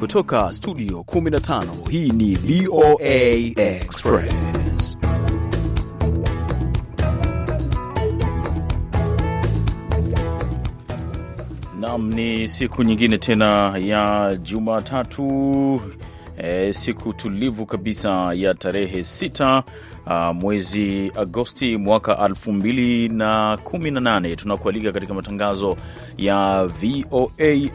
Kutoka studio 15 hii ni VOA Express. nam ni siku nyingine tena ya Jumatatu. E, siku tulivu kabisa ya tarehe sita a, mwezi Agosti mwaka 2018 tunakualika katika matangazo ya VOA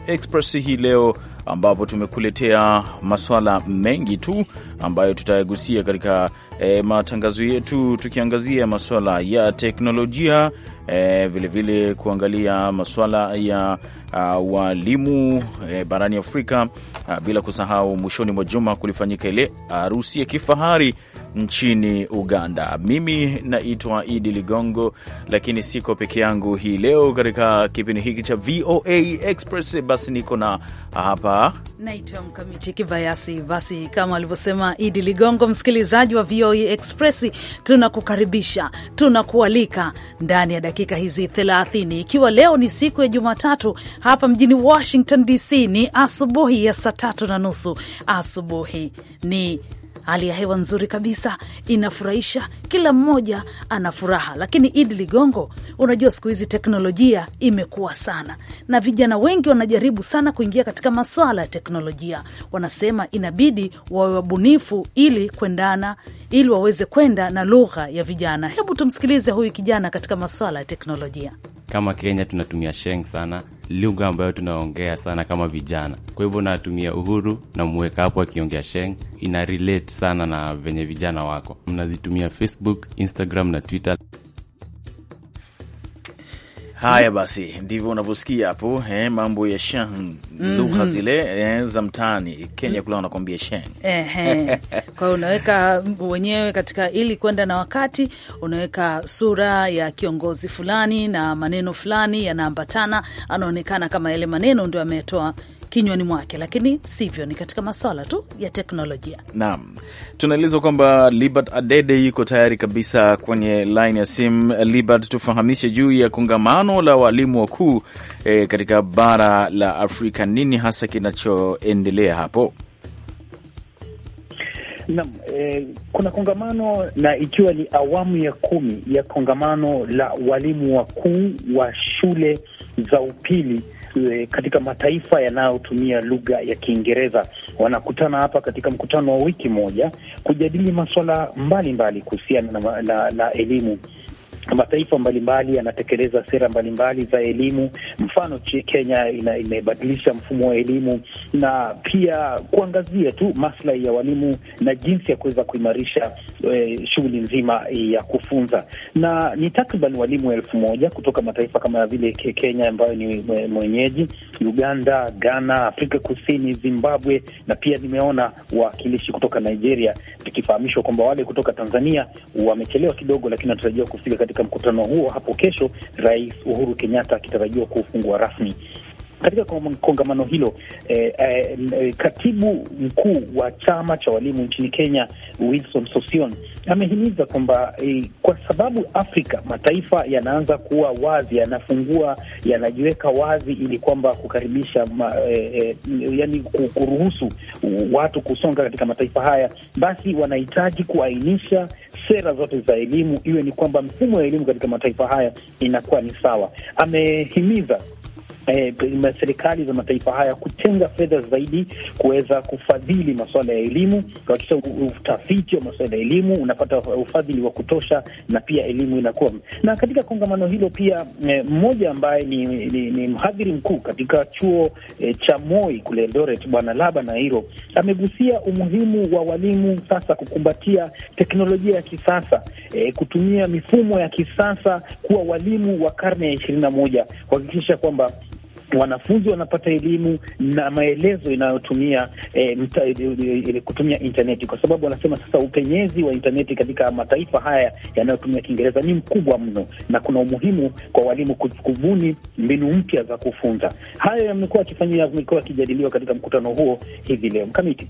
Express hii leo ambapo tumekuletea maswala mengi tu ambayo tutayagusia katika e, matangazo yetu, tukiangazia maswala ya teknolojia vilevile, eh, e, vile kuangalia maswala ya uh, walimu e, barani Afrika uh, bila kusahau mwishoni mwa juma kulifanyika ile harusi ya kifahari nchini Uganda. Mimi naitwa Idi Ligongo, lakini siko peke yangu hii leo katika kipindi hiki cha VOA Express. Basi niko na hapa, naitwa Mkamiti Kibayasi. Basi kama alivyosema Idi Ligongo, msikilizaji wa VOA Express, tunakukaribisha tunakualika ndani ya dakika hizi 30 ikiwa leo ni siku ya Jumatatu hapa mjini Washington DC ni asubuhi ya saa tatu na nusu asubuhi. Ni hali ya hewa nzuri kabisa, inafurahisha, kila mmoja ana furaha. Lakini Idi Ligongo, unajua siku hizi teknolojia imekuwa sana, na vijana wengi wanajaribu sana kuingia katika maswala ya teknolojia. Wanasema inabidi wawe wabunifu ili kuendana, ili waweze kwenda na lugha ya vijana. Hebu tumsikilize huyu kijana katika maswala ya teknolojia. Kama Kenya tunatumia sheng sana, lugha ambayo tunaongea sana kama vijana. Kwa hivyo natumia Uhuru mweka hapo akiongea sheng, ina relate sana na venye vijana wako mnazitumia. Facebook, Instagram na Twitter. Haya basi, ndivyo unavyosikia hapo eh, mambo ya sheng mm -hmm. lugha mhm. zile eh, za mtaani Kenya kule wanakuambia sheng eh, eh. Kwa hiyo unaweka wenyewe katika, ili kwenda na wakati, unaweka sura ya kiongozi fulani na maneno fulani yanaambatana, anaonekana kama yale maneno ndio ametoa kinywani mwake, lakini sivyo, ni katika maswala tu ya teknolojia. Naam, tunaelezwa kwamba Libert Adede yuko tayari kabisa kwenye lin ya simu. Libert, tufahamishe juu ya kongamano la walimu wakuu e, katika bara la Afrika, nini hasa kinachoendelea hapo? Naam, eh, kuna kongamano na ikiwa ni awamu ya kumi ya kongamano la walimu wakuu wa shule za upili Eh, katika mataifa yanayotumia lugha ya Kiingereza wanakutana hapa katika mkutano wa wiki moja kujadili masuala mbalimbali kuhusiana na, na, na elimu. Mataifa mbalimbali yanatekeleza sera mbalimbali za elimu. Mfano, Kenya imebadilisha mfumo wa elimu na pia kuangazia tu maslahi ya walimu na jinsi ya kuweza kuimarisha eh, shughuli nzima ya kufunza, na ni takriban walimu elfu moja kutoka mataifa kama vile Kenya ambayo ni mwenyeji, Uganda, Ghana, Afrika Kusini, Zimbabwe, na pia nimeona wawakilishi kutoka Nigeria, tukifahamishwa kwamba wale kutoka Tanzania wamechelewa kidogo, lakini wanatarajiwa kufika katika mkutano huo hapo kesho, Rais Uhuru Kenyatta akitarajiwa kufungua rasmi. Katika kongamano hilo eh, eh, eh, katibu mkuu wa chama cha walimu nchini Kenya Wilson Sosion amehimiza kwamba eh, kwa sababu Afrika mataifa yanaanza kuwa wazi, yanafungua, yanajiweka wazi ili kwamba kukaribisha ma, eh, eh, yani kuruhusu watu kusonga katika mataifa haya, basi wanahitaji kuainisha sera zote za elimu, iwe ni kwamba mfumo wa elimu katika mataifa haya inakuwa ni sawa. Amehimiza eh, serikali za mataifa haya kutenga fedha zaidi kuweza kufadhili masuala ya elimu, kuhakikisha utafiti wa masuala ya elimu unapata ufadhili wa kutosha, na pia elimu inakuwa na. Katika kongamano hilo pia eh, mmoja eh, ambaye ni, ni, ni mhadhiri mkuu katika chuo eh, cha Moi kule Eldoret, Bwana Laba Nairo amegusia umuhimu wa walimu sasa kukumbatia teknolojia ya kisasa eh, kutumia mifumo ya kisasa kuwa walimu wa karne ya ishirini na moja kuhakikisha kwamba wanafunzi wanapata elimu na maelezo inayotumia e, mta, e, e, kutumia intaneti, kwa sababu wanasema sasa upenyezi wa intaneti katika mataifa haya yanayotumia Kiingereza ni mkubwa mno, na kuna umuhimu kwa walimu kubuni mbinu mpya za kufunza. Hayo yamekuwa yakifanywa, yamekuwa yakijadiliwa katika mkutano huo hivi leo mkamiti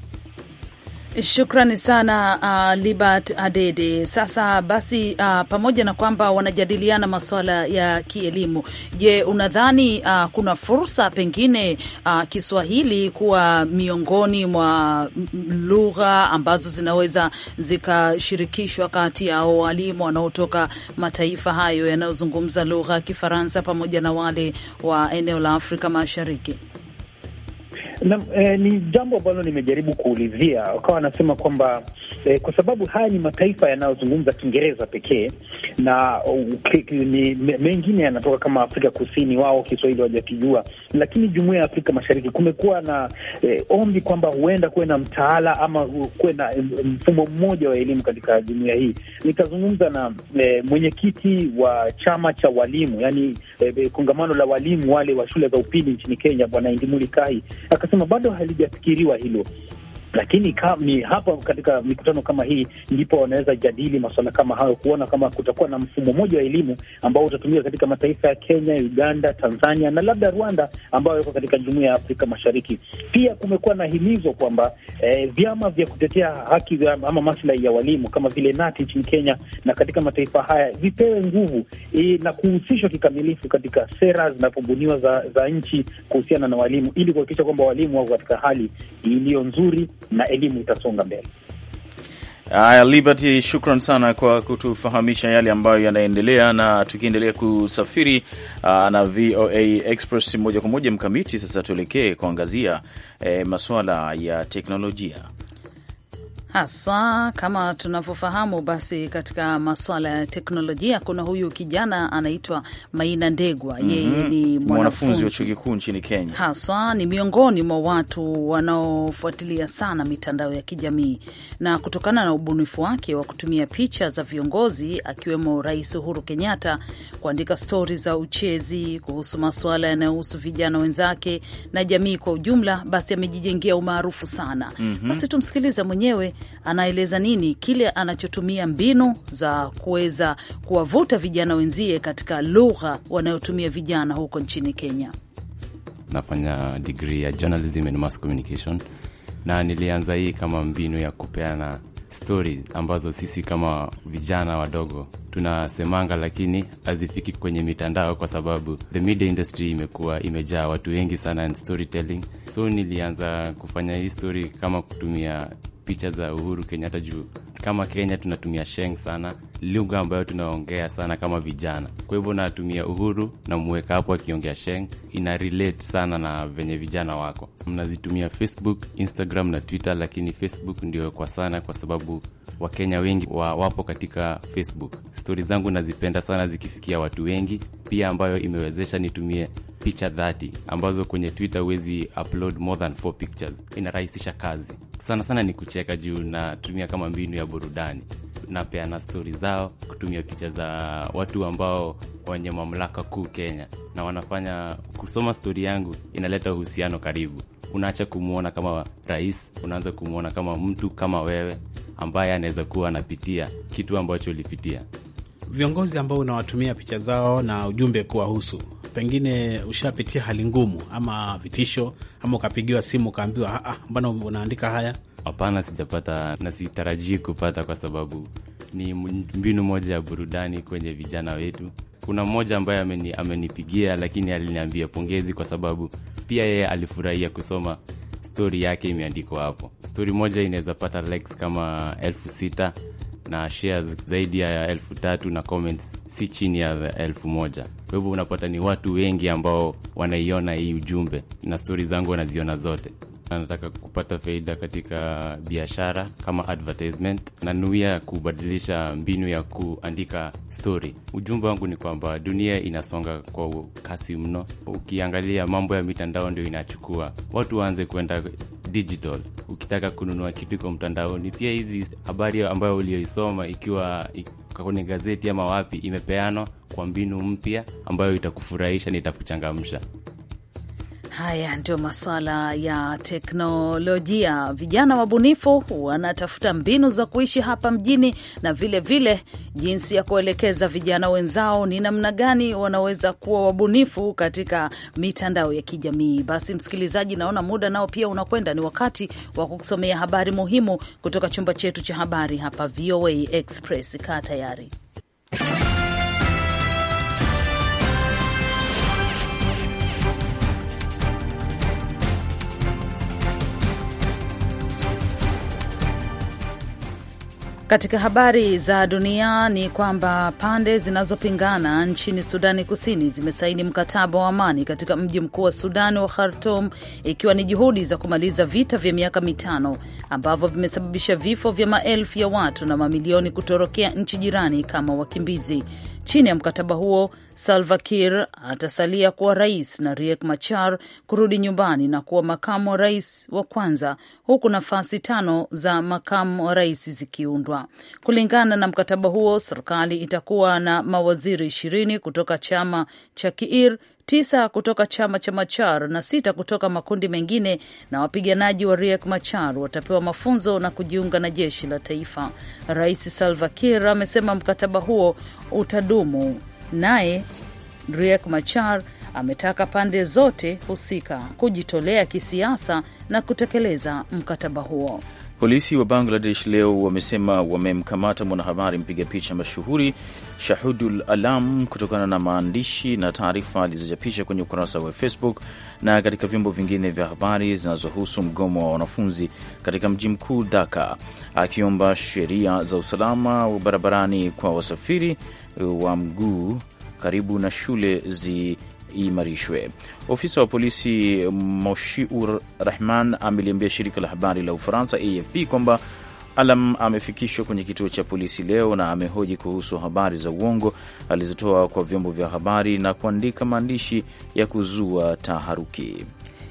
Shukrani sana uh, Libert Adede. Sasa basi, uh, pamoja na kwamba wanajadiliana masuala ya kielimu, je, unadhani uh, kuna fursa pengine uh, Kiswahili kuwa miongoni mwa lugha ambazo zinaweza zikashirikishwa kati ya walimu wanaotoka mataifa hayo yanayozungumza lugha ya Kifaransa pamoja na wale wa eneo la Afrika Mashariki? Na, eh, ni jambo ambalo nimejaribu kuulizia, wakawa wanasema kwamba eh, kwa sababu haya ni mataifa yanayozungumza Kiingereza pekee na uh, ni, mengine yanatoka kama Afrika Kusini, wao Kiswahili wajakijua, lakini Jumuiya ya Afrika Mashariki kumekuwa na eh, ombi kwamba huenda kuwe na mtaala ama kuwe na eh, mfumo mmoja wa elimu katika jumuiya hii. Nikazungumza na eh, mwenyekiti wa chama cha walimu, yani eh, eh, kongamano la walimu wale wa shule za upili nchini Kenya, Bwana Indimuli Kai akasema bado halijafikiriwa hilo, lakini ka, ni hapa katika mikutano kama hii ndipo wanaweza jadili masuala kama hayo, kuona kama kutakuwa na mfumo mmoja wa elimu ambao utatumika katika mataifa ya Kenya, Uganda, Tanzania na labda Rwanda ambayo iko katika jumuiya ya Afrika Mashariki. Pia kumekuwa na himizo kwamba eh, vyama vya kutetea haki ama maslahi ya walimu kama vile nati nchini Kenya na katika mataifa haya vipewe nguvu eh, na kuhusishwa kikamilifu katika sera zinapobuniwa za, za nchi kuhusiana na walimu ili kuhakikisha kwamba walimu wako katika hali iliyo nzuri na elimu itasonga mbele. Haya, Liberty, shukran sana kwa kutufahamisha yale ambayo yanaendelea. Na tukiendelea kusafiri uh, na VOA Express moja kwa moja mkamiti, sasa tuelekee kuangazia eh, masuala ya teknolojia. Haswa kama tunavyofahamu, basi katika masuala ya teknolojia kuna huyu kijana anaitwa Maina Ndegwa. mm -hmm. Yeye ni mwanafunzi wa chuo kikuu nchini Kenya, haswa ni miongoni mwa watu wanaofuatilia sana mitandao ya kijamii, na kutokana na ubunifu wake wa kutumia picha za viongozi akiwemo Rais Uhuru Kenyatta kuandika stori za uchezi kuhusu masuala yanayohusu vijana wenzake na jamii kwa ujumla, basi amejijengea umaarufu sana. mm -hmm. Basi tumsikiliza mwenyewe anaeleza nini kile anachotumia mbinu za kuweza kuwavuta vijana wenzie katika lugha wanayotumia vijana huko nchini Kenya. Nafanya digri ya journalism and mass communication, na nilianza hii kama mbinu ya kupeana stori ambazo sisi kama vijana wadogo tunasemanga, lakini hazifiki kwenye mitandao, kwa sababu the media industry imekuwa imejaa watu wengi sana and storytelling. So nilianza kufanya hii stori kama kutumia picha za Uhuru Kenyatta juu kama Kenya tunatumia sheng sana lugha ambayo tunaongea sana kama vijana. Kwa hivyo natumia Uhuru na mweka hapo akiongea Sheng, ina relate sana na venye vijana wako mnazitumia Facebook, Instagram na Twitter, lakini Facebook ndio kwa sana, kwa sababu Wakenya wengi wa wapo katika Facebook. Stori zangu nazipenda sana zikifikia watu wengi, pia ambayo imewezesha nitumie picha dhati ambazo kwenye Twitter huwezi upload more than four pictures. Inarahisisha kazi sana sana, ni kucheka juu natumia kama mbinu ya burudani, napeana stori zao, kutumia picha za watu ambao wenye mamlaka kuu Kenya, na wanafanya kusoma stori yangu inaleta uhusiano karibu. Unaacha kumwona kama rais, unaanza kumwona kama mtu kama wewe ambaye anaweza kuwa anapitia kitu ambacho ulipitia. Viongozi ambao unawatumia picha zao na ujumbe kuwahusu, pengine ushapitia hali ngumu ama vitisho, ama ukapigiwa simu ukaambiwa, ah, ah, mbona unaandika haya? Hapana, sijapata na sitarajii kupata, kwa sababu ni mbinu moja ya burudani kwenye vijana wetu. Kuna mmoja ambaye ameni, amenipigia lakini aliniambia pongezi, kwa sababu pia yeye alifurahia kusoma stori yake imeandikwa hapo. Stori moja inaweza pata likes kama elfu sita na shares zaidi ya elfu tatu na comments si chini ya elfu moja. Kwa hivyo unapata ni watu wengi ambao wanaiona hii ujumbe, na stori zangu wanaziona zote anataka kupata faida katika biashara kama advertisement, na nuia kubadilisha mbinu ya kuandika story. Ujumbe wangu ni kwamba dunia inasonga kwa kasi mno. Ukiangalia mambo ya mitandao ndio inachukua watu, waanze kuenda digital. Ukitaka kununua kitu kwa mtandaoni. Pia hizi habari ambayo ulioisoma ikiwa kwenye gazeti ama wapi, imepeanwa kwa mbinu mpya ambayo itakufurahisha na itakuchangamsha. Haya ndio masuala ya teknolojia. Vijana wabunifu wanatafuta mbinu za kuishi hapa mjini, na vilevile vile jinsi ya kuelekeza vijana wenzao ni namna gani wanaweza kuwa wabunifu katika mitandao ya kijamii. Basi msikilizaji, naona muda nao pia unakwenda, ni wakati wa kukusomea habari muhimu kutoka chumba chetu cha habari hapa VOA Express. Kaa tayari Katika habari za dunia ni kwamba pande zinazopingana nchini Sudani Kusini zimesaini mkataba wa amani katika mji mkuu wa Sudan wa khartum ikiwa ni juhudi za kumaliza vita vya miaka mitano ambavyo vimesababisha vifo vya maelfu ya watu na mamilioni kutorokea nchi jirani kama wakimbizi. Chini ya mkataba huo Salva Kiir atasalia kuwa rais na Riek Machar kurudi nyumbani na kuwa makamu wa rais wa kwanza, huku nafasi tano za makamu wa rais zikiundwa. Kulingana na mkataba huo, serikali itakuwa na mawaziri ishirini kutoka chama cha Kiir, tisa kutoka chama cha Machar na sita kutoka makundi mengine, na wapiganaji wa Riek Machar watapewa mafunzo na kujiunga na jeshi la taifa. Rais Salva Kiir amesema mkataba huo utadumu Naye Riek Machar ametaka pande zote husika kujitolea kisiasa na kutekeleza mkataba huo. Polisi wa Bangladesh leo wamesema wamemkamata mwanahabari mpiga picha mashuhuri Shahudul Alam kutokana na maandishi na taarifa alizochapisha kwenye ukurasa wa Facebook na katika vyombo vingine vya habari zinazohusu mgomo wa wanafunzi katika mji mkuu Dhaka, akiomba sheria za usalama wa barabarani kwa wasafiri wa mguu karibu na shule zi imarishwe. Ofisa wa polisi Moshiur Rahman ameliambia shirika la habari la Ufaransa AFP kwamba Alam amefikishwa kwenye kituo cha polisi leo na amehoji kuhusu habari za uongo alizotoa kwa vyombo vya habari na kuandika maandishi ya kuzua taharuki.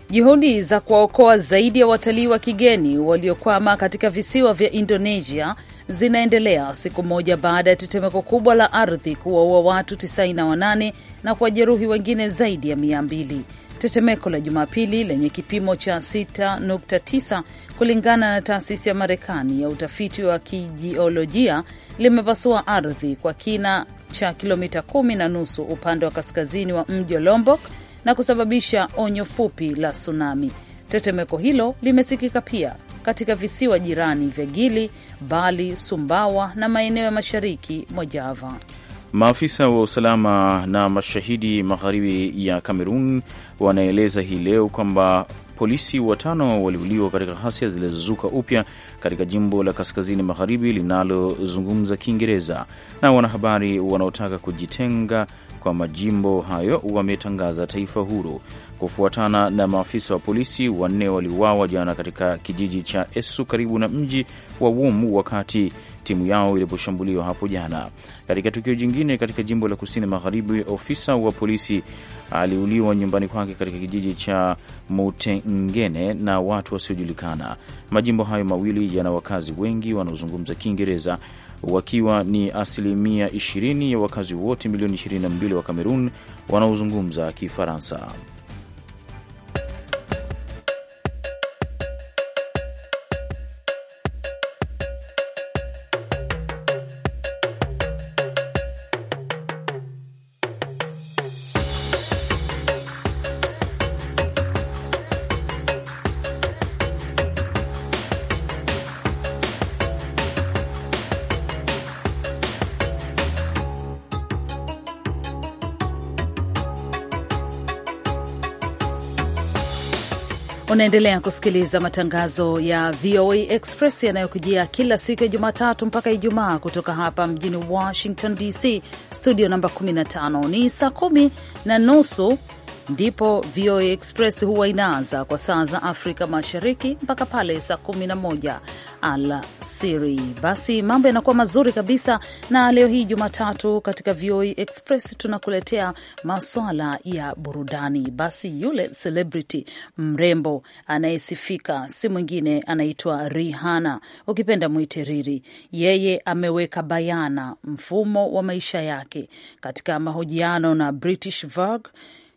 Juhudi za kuwaokoa zaidi ya watalii wa kigeni waliokwama katika visiwa vya Indonesia zinaendelea siku moja baada ya tetemeko kubwa la ardhi kuwaua watu 98 na kuwajeruhi wengine zaidi ya 200. Tetemeko la Jumapili lenye kipimo cha 6.9 kulingana na taasisi ya Marekani ya utafiti wa kijiolojia limepasua ardhi kwa kina cha kilomita kumi na nusu upande wa kaskazini wa mji wa Lombok na kusababisha onyo fupi la tsunami. Tetemeko hilo limesikika pia katika visiwa jirani vya Gili, Bali, Sumbawa na maeneo ya mashariki mwa Java. Maafisa wa usalama na mashahidi magharibi ya Kamerun wanaeleza hii leo kwamba polisi watano waliuliwa katika ghasia zilizozuka upya katika jimbo la kaskazini magharibi linalozungumza Kiingereza, na wanahabari wanaotaka kujitenga kwa majimbo hayo wametangaza taifa huru kufuatana na maafisa wa polisi wanne waliuawa jana katika kijiji cha Esu karibu na mji wa wum wakati timu yao iliposhambuliwa hapo jana. Katika tukio jingine, katika jimbo la kusini magharibi, ofisa wa polisi aliuliwa nyumbani kwake katika kijiji cha Mutengene na watu wasiojulikana. Majimbo hayo mawili yana wakazi wengi wanaozungumza Kiingereza wakiwa ni asilimia 20 ya wakazi wote milioni 22 wa Kamerun wanaozungumza Kifaransa. Unaendelea kusikiliza matangazo ya VOA Express yanayokujia kila siku ya Jumatatu mpaka Ijumaa kutoka hapa mjini Washington DC, studio namba 15. Ni saa kumi na nusu ndipo VOA Express huwa inaanza kwa saa za Afrika Mashariki mpaka pale saa 11 alasiri. Basi mambo yanakuwa mazuri kabisa, na leo hii Jumatatu katika VOA Express tunakuletea maswala ya burudani. Basi yule celebrity mrembo anayesifika si mwingine, anaitwa Rihanna, ukipenda mwite Riri. Yeye ameweka bayana mfumo wa maisha yake katika mahojiano na British Vogue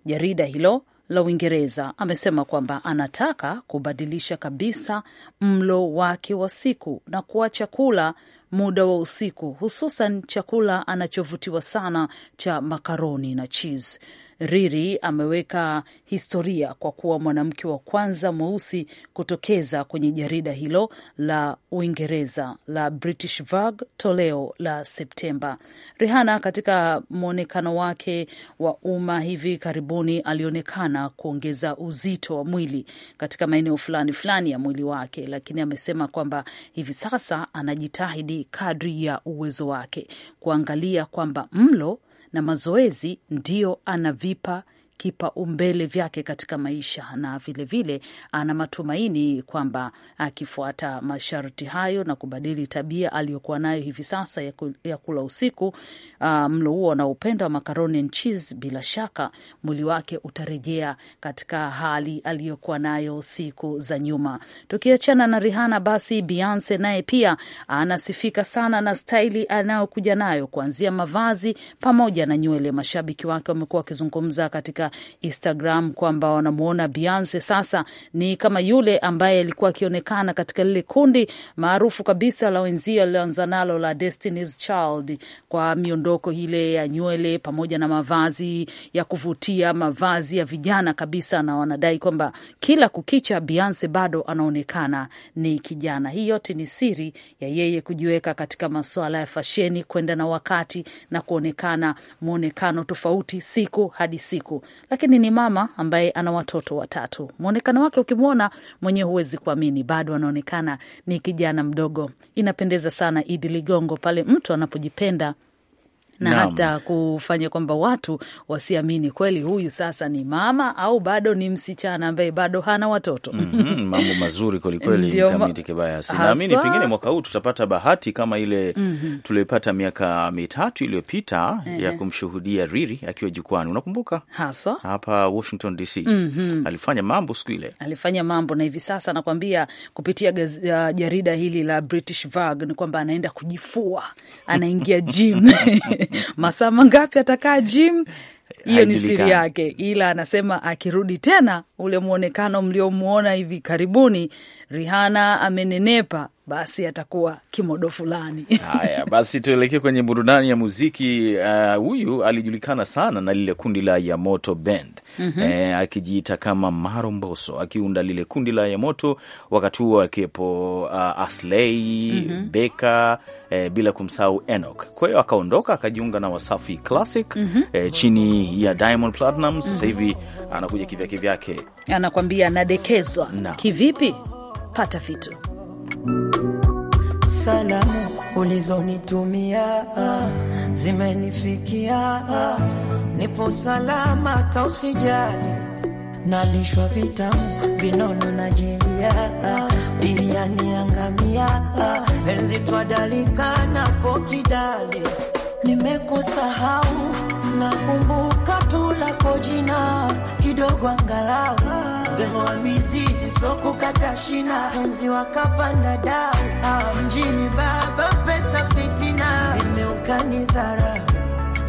Jarida hilo la Uingereza amesema kwamba anataka kubadilisha kabisa mlo wake wa siku na kuwa chakula muda wa usiku, hususan chakula anachovutiwa sana cha makaroni na cheese. Riri ameweka historia kwa kuwa mwanamke wa kwanza mweusi kutokeza kwenye jarida hilo la Uingereza la British Vogue toleo la Septemba. Rihanna katika mwonekano wake wa umma hivi karibuni alionekana kuongeza uzito wa mwili katika maeneo fulani fulani ya mwili wake, lakini amesema kwamba hivi sasa anajitahidi kadri ya uwezo wake kuangalia kwamba mlo na mazoezi ndiyo anavipa kipaumbele vyake katika maisha, na vilevile ana matumaini kwamba akifuata masharti hayo na kubadili tabia aliyokuwa nayo hivi sasa ya kula usiku uh, mlo huo anaopenda wa macaroni and cheese, bila shaka mwili wake utarejea katika hali aliyokuwa nayo siku za nyuma. Tukiachana na Rihanna, basi Beyonce naye pia anasifika sana na staili anayokuja nayo kuanzia mavazi pamoja na nywele. Mashabiki wake wamekuwa wakizungumza katika Instagram kwamba wanamwona Beyonce sasa ni kama yule ambaye alikuwa akionekana katika lile kundi maarufu kabisa la wenzia alioanza nalo la Destiny's Child kwa miondoko ile ya nywele pamoja na mavazi ya kuvutia, mavazi ya vijana kabisa, na wanadai kwamba kila kukicha Beyonce bado anaonekana ni kijana. Hii yote ni siri ya yeye kujiweka katika masuala ya fasheni, kwenda na wakati na kuonekana mwonekano tofauti siku hadi siku, lakini ni mama ambaye ana watoto watatu. Mwonekano wake ukimwona mwenyewe huwezi kuamini, bado anaonekana ni kijana mdogo. Inapendeza sana Idi Ligongo pale mtu anapojipenda na Naam. hata kufanya kwamba watu wasiamini kweli huyu sasa ni mama au bado ni msichana ambaye bado hana watoto. mm -hmm, mambo mazuri kwelikweli Kamiti Kibayasi, naamini pengine mwaka huu tutapata bahati kama ile mm -hmm. tulioipata miaka mitatu iliyopita eh, ya kumshuhudia Riri akiwa jukwani, unakumbuka haswa hapa Washington DC. mm -hmm. alifanya mambo siku ile, alifanya mambo na hivi sasa nakwambia kupitia gaz, uh, jarida hili la British Vogue ni kwamba anaenda kujifua, anaingia gym masaa mangapi atakaa gym hiyo ni siri yake, ila anasema akirudi tena ule mwonekano mliomwona hivi karibuni, Rihanna amenenepa basi atakuwa kimodo fulani. Haya basi, tuelekee kwenye burudani ya muziki. Uh, huyu uh, alijulikana sana na lile kundi la Yamoto Band mm -hmm. E, akijiita kama Maro akiunda lile kundi la Yamoto wakati huo akiwepo uh, Aslei mm -hmm. Beka e, bila kumsahau Enoch. Kwa hiyo akaondoka akajiunga na Wasafi Classic mm -hmm. e, chini ya Diamond Platinum. Mhm. Sasa hivi mm -hmm. anakuja kivyake vyake, anakwambia nadekezwa na. Kivipi? Pata vitu Salamu ulizonitumia zimenifikia, nipo salama, tausijali nalishwa vitamu vinono na jilia, biriani angamia, enzi twadalika napo kidali, nimekusahau nakumbuka tu lako jina kidogo angalau wa mizizi so kukata shina, penzi wakapanda dau ah, mjini baba pesa fitina, nimeukani dhara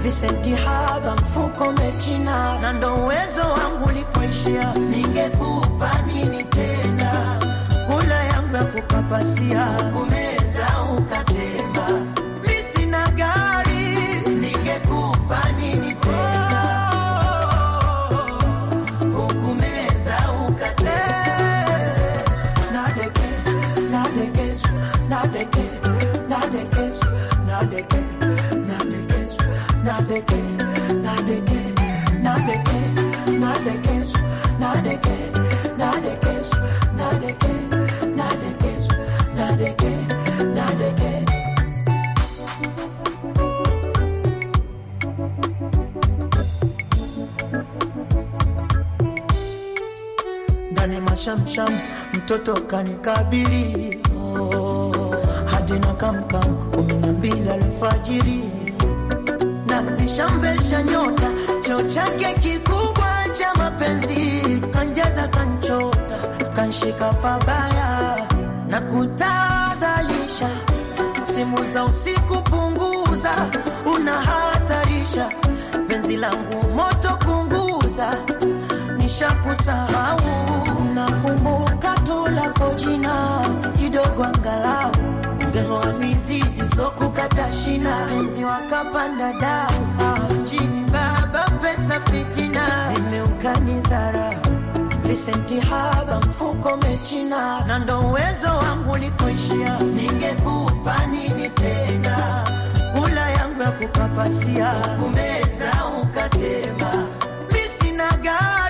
visenti haba mfuko mechina, na ndo uwezo wangu nikuishia, ningekupa nini tena? Kula yangu ya kukapasia kumeza ukatea Ndani mashamsham mtoto kanikabiri, oh, hadi na kamkam kumi na mbili alfajiri shambesha nyota, cho chake kikubwa cha mapenzi, kanjaza kanchota, kanshika pabaya na kutadhalisha, simu za usiku punguza, unahatarisha penzi langu moto, punguza nishakusahau mizizi so kukata shina, enzi wakapanda dau mjini baba pesa fitina, nimeukani dhara Vicenti haba mfuko mechina, na ndo uwezo wangu likuishia, ningekupa nini tena? Kula yangu ya kukapasia kumeza ukatema, mimi sina gari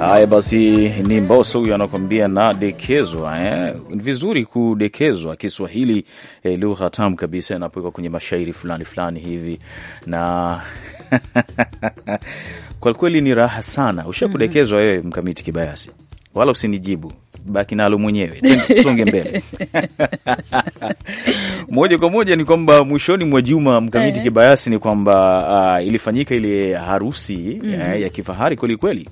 Haya basi, ni mboso huyo anakuambia nadekezwa. Eh, vizuri kudekezwa, Kiswahili eh, lugha tamu kabisa, inapowekwa kwenye mashairi fulani fulani hivi na Kwa kweli ni raha sana. Ushakudekezwa mm-hmm. wewe mm -hmm. Mkamiti Kibayasi, wala usinijibu, baki nalo mwenyewe, tusonge mbele moja kwa moja ni kwamba mwishoni mwa juma Mkamiti yeah. Kibayasi, ni kwamba uh, ilifanyika ile harusi eh, mm -hmm. ya, ya kifahari kwelikweli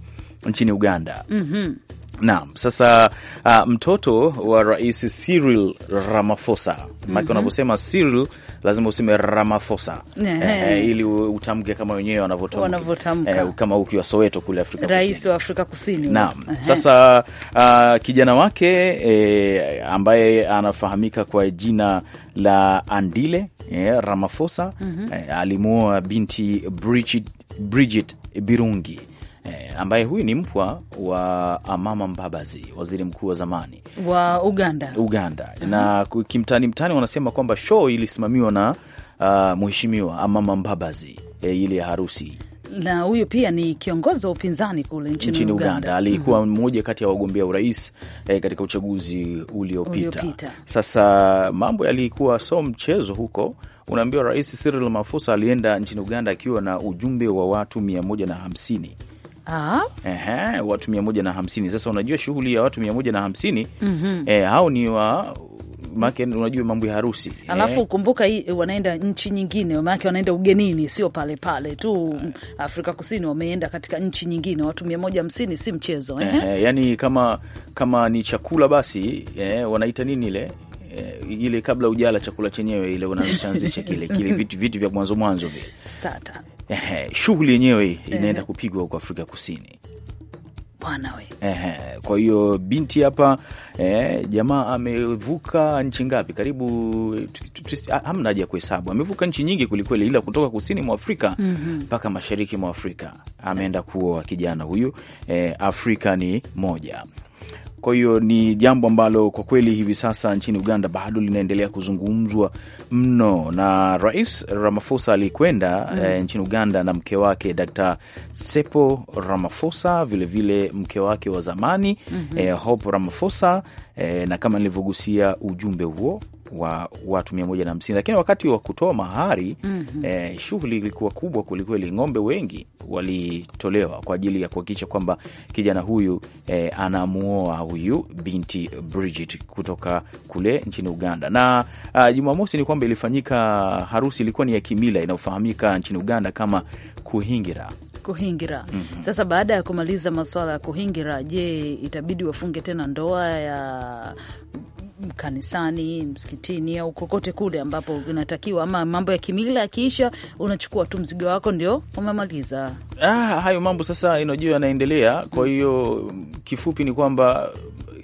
nchini Uganda mm -hmm. Naam, sasa uh, mtoto wa rais Cyril Ramaphosa maake, mm -hmm. Unavyosema Cyril lazima useme Ramaphosa yeah. Eh, ili utamke kama wenyewe wanavyotamka eh, kama ukiwa Soweto kule Afrika rais wa Afrika Kusini. Naam, sasa uh, kijana wake eh, ambaye anafahamika kwa jina la Andile eh, Ramaphosa mm -hmm. eh, alimuoa binti Bridget, Bridget Birungi eh, ambaye huyu ni mpwa wa Amama Mbabazi, waziri mkuu wa zamani wa Uganda, Uganda. Uh -huh. Na kimtani mtani wanasema kwamba show ilisimamiwa na uh, mheshimiwa Amama Mbabazi eh, ile ya harusi na huyu pia ni kiongozi wa upinzani kule nchini, nchini Uganda, Uganda. Mhm. Alikuwa mmoja mm -hmm. kati ya wagombea urais eh, katika uchaguzi uliopita ulio. Sasa mambo yalikuwa so mchezo huko, unaambiwa Rais Cyril Mafusa alienda nchini Uganda akiwa na ujumbe wa watu mia moja na hamsini Ehe, watu mia moja na hamsini. Sasa unajua shughuli ya watu mia moja na hamsini mm -hmm. hao ni wa make unajua mambo ya harusi, eh. alafu kumbuka hii eh, wanaenda nchi nyingine, maake wanaenda ugenini, sio pale pale tu Afrika Kusini, wameenda katika nchi nyingine. Watu mia moja hamsini si mchezo eh, eh, yani kama kama ni chakula basi eh, wanaita nini ile ile kabla ujala chakula chenyewe ile unaanzisha kile kile vitu vitu vya mwanzo mwanzo vile starter ehe, shughuli yenyewe inaenda kupigwa huko Afrika Kusini. Bwana we. Ehe, kwa hiyo binti hapa eh, jamaa amevuka nchi ngapi? Karibu hamna haja ya kuhesabu, amevuka nchi nyingi kwelikweli, ila kutoka kusini mwa Afrika mhm. mpaka mm -hmm. mashariki mwa Afrika ameenda kuoa kijana huyu eh, Afrika ni moja kwa hiyo ni jambo ambalo kwa kweli hivi sasa nchini Uganda bado linaendelea kuzungumzwa mno, na Rais Ramaphosa alikwenda mm. e, nchini Uganda na mke wake Dkt. Sepo Ramaphosa, vilevile mke wake wa zamani mm -hmm. e, Hope Ramaphosa e, na kama nilivyogusia ujumbe huo wa watu mia moja na hamsini, lakini wakati wa kutoa mahari mm -hmm. eh, shughuli ilikuwa kubwa kwelikweli. Ng'ombe wengi walitolewa kwa ajili ya kuhakikisha kwamba kijana huyu eh, anamuoa huyu binti Bridget kutoka kule nchini Uganda. Na uh, Jumamosi ni kwamba ilifanyika harusi, ilikuwa ni ya kimila inayofahamika nchini Uganda kama kuhingira kuhingira. mm -hmm. Sasa baada ya kumaliza maswala ya kuhingira, je, itabidi wafunge tena ndoa ya kanisani, msikitini au kokote kule ambapo unatakiwa, ama mambo ya kimila yakiisha, unachukua tu mzigo wako ndio umemaliza. Ah, hayo mambo sasa inajua yanaendelea. Kwa mm. hiyo kifupi ni kwamba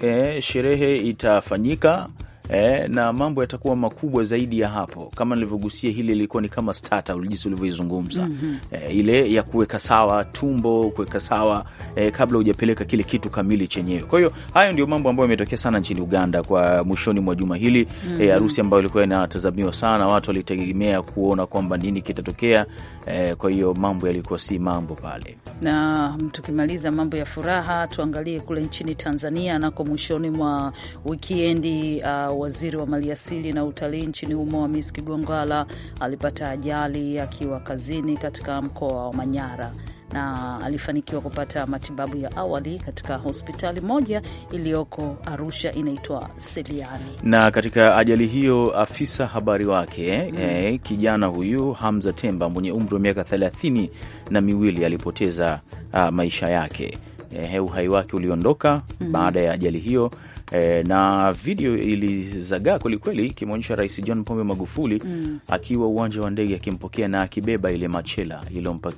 eh, sherehe itafanyika eh, na mambo yatakuwa makubwa zaidi ya hapo. Kama nilivyogusia, hili ilikuwa ni kama starter jinsi ulivyoizungumza mm -hmm. eh, ile ya kuweka sawa tumbo, kuweka sawa eh, kabla hujapeleka kile kitu kamili chenyewe. Kwa hiyo hayo ndio mambo ambayo yametokea sana nchini Uganda kwa mwishoni mwa juma hili mm -hmm. harusi eh, ambayo ilikuwa inatazamiwa sana, watu walitegemea kuona kwamba nini kitatokea. Eh, kwa hiyo mambo yalikuwa si mambo pale, na tukimaliza mambo ya furaha tuangalie kule nchini Tanzania nako mwishoni mwa wikiendi uh, waziri wa maliasili na utalii nchini humo, Hamis kigongala alipata ajali akiwa kazini katika mkoa wa Manyara na alifanikiwa kupata matibabu ya awali katika hospitali moja iliyoko Arusha inaitwa Seliani. Na katika ajali hiyo, afisa habari wake mm. eh, kijana huyu Hamza Temba mwenye umri wa miaka thelathini na miwili alipoteza uh, maisha yake eh, uhai wake uliondoka mm. baada ya ajali hiyo E, na video ilizagaa kwelikweli ikimwonyesha Rais John Pombe Magufuli mm. akiwa uwanja wa ndege akimpokea na akibeba ile machela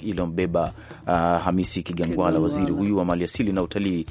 iliyombeba uh, ah, Hamisi Kigangwala, waziri huyu wa maliasili na utalii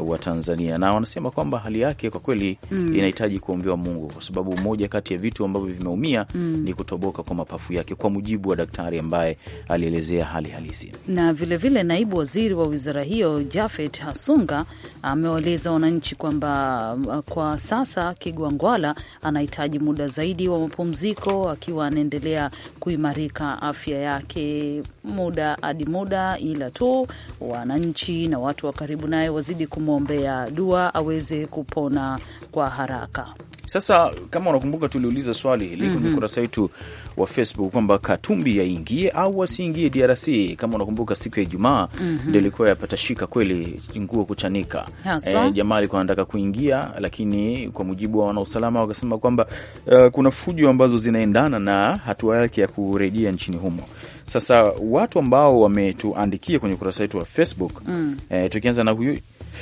uh, wa Tanzania, na wanasema kwamba hali yake kwa kweli mm. inahitaji kuombewa Mungu kwa sababu moja kati ya vitu ambavyo vimeumia mm. ni kutoboka kwa mapafu yake, kwa mujibu wa daktari ambaye alielezea hali halisi. Na vilevile vile naibu waziri wa wizara hiyo Jafet Hasunga amewaeleza wananchi kwamba Um, kwa sasa Kigwangwala anahitaji muda zaidi wa mapumziko akiwa anaendelea kuimarika afya yake muda hadi muda, ila tu wananchi na watu wa karibu naye wazidi kumwombea dua aweze kupona kwa haraka. Sasa kama unakumbuka, tuliuliza swali hili kwenye mm -hmm. ukurasa wetu wa Facebook kwamba Katumbi yaingie au asiingie DRC. Kama unakumbuka, siku ya Ijumaa mm -hmm. ndio ilikuwa yapatashika kweli, nguo kuchanika. E, jamaa alikuwa anataka kuingia, lakini kwa mujibu wa wanausalama wakasema kwamba uh, kuna fujo ambazo zinaendana na hatua yake ya kurejea nchini humo. Sasa watu ambao wametuandikia kwenye ukurasa wetu wa Facebook mm. E, tukianza na huyu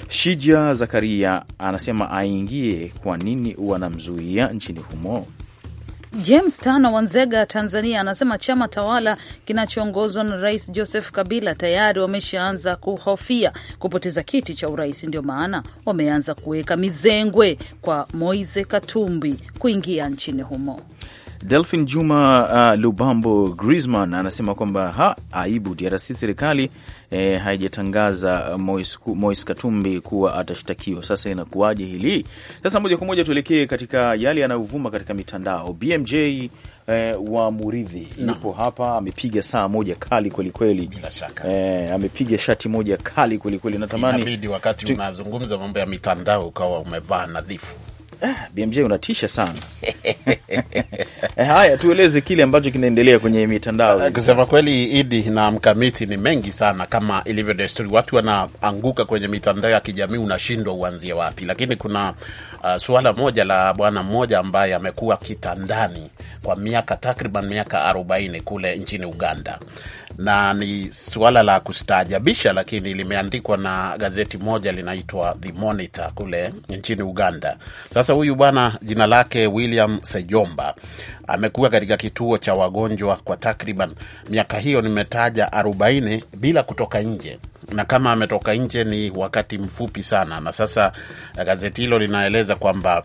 Shija Zakaria anasema aingie, kwa nini wanamzuia nchini humo? James Tano Wanzega, Tanzania, anasema chama tawala kinachoongozwa na Rais Joseph Kabila tayari wameshaanza kuhofia kupoteza kiti cha urais, ndio maana wameanza kuweka mizengwe kwa Moise Katumbi kuingia nchini humo. Delphin Juma uh, Lubambo Griezmann anasema kwamba ha aibu DRC serikali eh, haijatangaza Moise Katumbi kuwa atashtakiwa. Sasa inakuwaje hili? Sasa moja kwa moja tuelekee katika yale yanayovuma katika mitandao. BMJ eh, wa Muridhi yupo hapa, amepiga saa moja kali kwelikweli, bila shaka eh, amepiga shati moja kali kwelikweli. Natamani inabidi wakati tu... unazungumza mambo ya mitandao ukawa umevaa nadhifu Ah, BMJ unatisha sana. Eh, haya tueleze kile ambacho kinaendelea kwenye mitandao. Ah, kusema kweli, Idi na mkamiti ni mengi sana, kama ilivyo desturi, watu wanaanguka kwenye mitandao ya kijamii, unashindwa uanzie wapi. Lakini kuna uh, suala moja la bwana mmoja ambaye amekuwa kitandani kwa miaka takriban miaka 40 kule nchini Uganda na ni suala la kustaajabisha, lakini limeandikwa na gazeti moja linaitwa The Monitor kule nchini Uganda. Sasa huyu bwana jina lake William Sejomba amekuwa katika kituo cha wagonjwa kwa takriban miaka hiyo nimetaja 40 bila kutoka nje, na kama ametoka nje ni wakati mfupi sana. Na sasa gazeti hilo linaeleza kwamba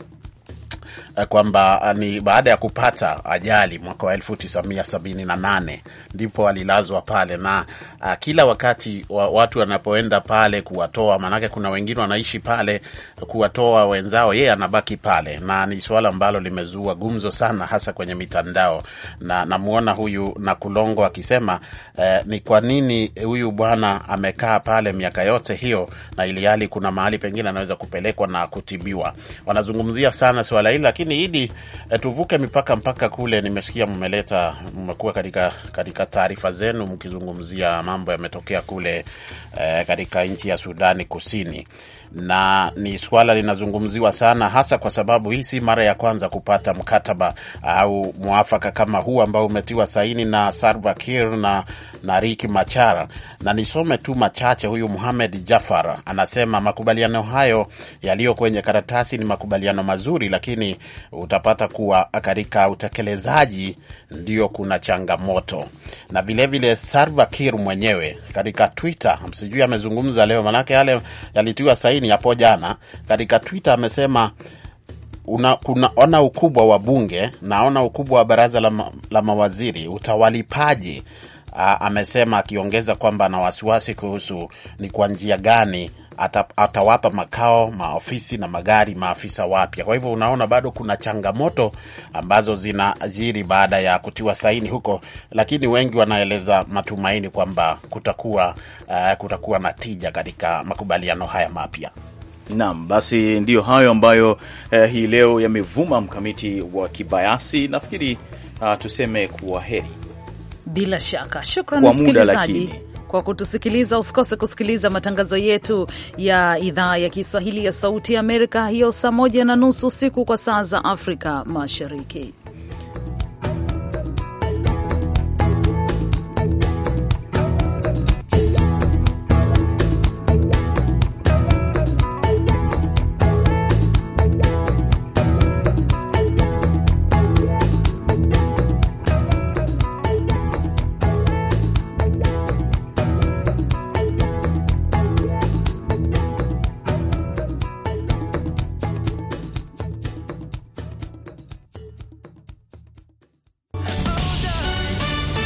Eh, kwamba ah, ni baada ya kupata ajali mwaka wa 1978 ndipo alilazwa pale, na uh, kila wakati wa, watu wanapoenda pale kuwatoa, maanake kuna wengine wanaishi pale, kuwatoa wenzao, yeye anabaki pale, na ni suala ambalo limezua gumzo sana, hasa kwenye mitandao, na namwona huyu na Kulongo akisema uh, ni kwa nini huyu bwana amekaa pale miaka yote hiyo, na ili hali kuna mahali pengine anaweza kupelekwa na kutibiwa. Wanazungumzia sana suala hili, lakini idi eh, tuvuke mipaka mpaka kule. Nimesikia mmeleta mmekuwa katika, katika taarifa zenu mkizungumzia mambo yametokea kule eh, katika nchi ya Sudani Kusini na ni swala linazungumziwa sana, hasa kwa sababu hii si mara ya kwanza kupata mkataba au mwafaka kama huu ambao umetiwa saini na Salva Kiir na, na Riek Machar. Na nisome tu machache. Huyu Muhamed Jafar anasema makubaliano hayo yaliyo kwenye karatasi ni makubaliano mazuri, lakini utapata kuwa katika utekelezaji ndio kuna changamoto. Na vilevile Salva Kiir mwenyewe katika Twitter, sijui amezungumza leo, manake yale yalitiwa saini ni hapo jana katika Twitter amesema Una, ona ukubwa wa bunge, naona ukubwa wa baraza la, ma, la mawaziri utawalipaje? amesema akiongeza kwamba ana wasiwasi kuhusu ni kwa njia gani atawapa makao, maofisi na magari maafisa wapya. Kwa hivyo unaona bado kuna changamoto ambazo zinajiri baada ya kutiwa saini huko, lakini wengi wanaeleza matumaini kwamba kutakuwa, uh, kutakuwa na tija katika makubaliano haya mapya. Naam, basi ndiyo hayo ambayo eh, hii leo yamevuma mkamiti wa kibayasi. Nafikiri uh, tuseme kuwa heri bila shaka. Shukrani msikilizaji kwa kutusikiliza. Usikose kusikiliza matangazo yetu ya idhaa ya Kiswahili ya Sauti ya Amerika hiyo saa moja na nusu usiku kwa saa za Afrika Mashariki.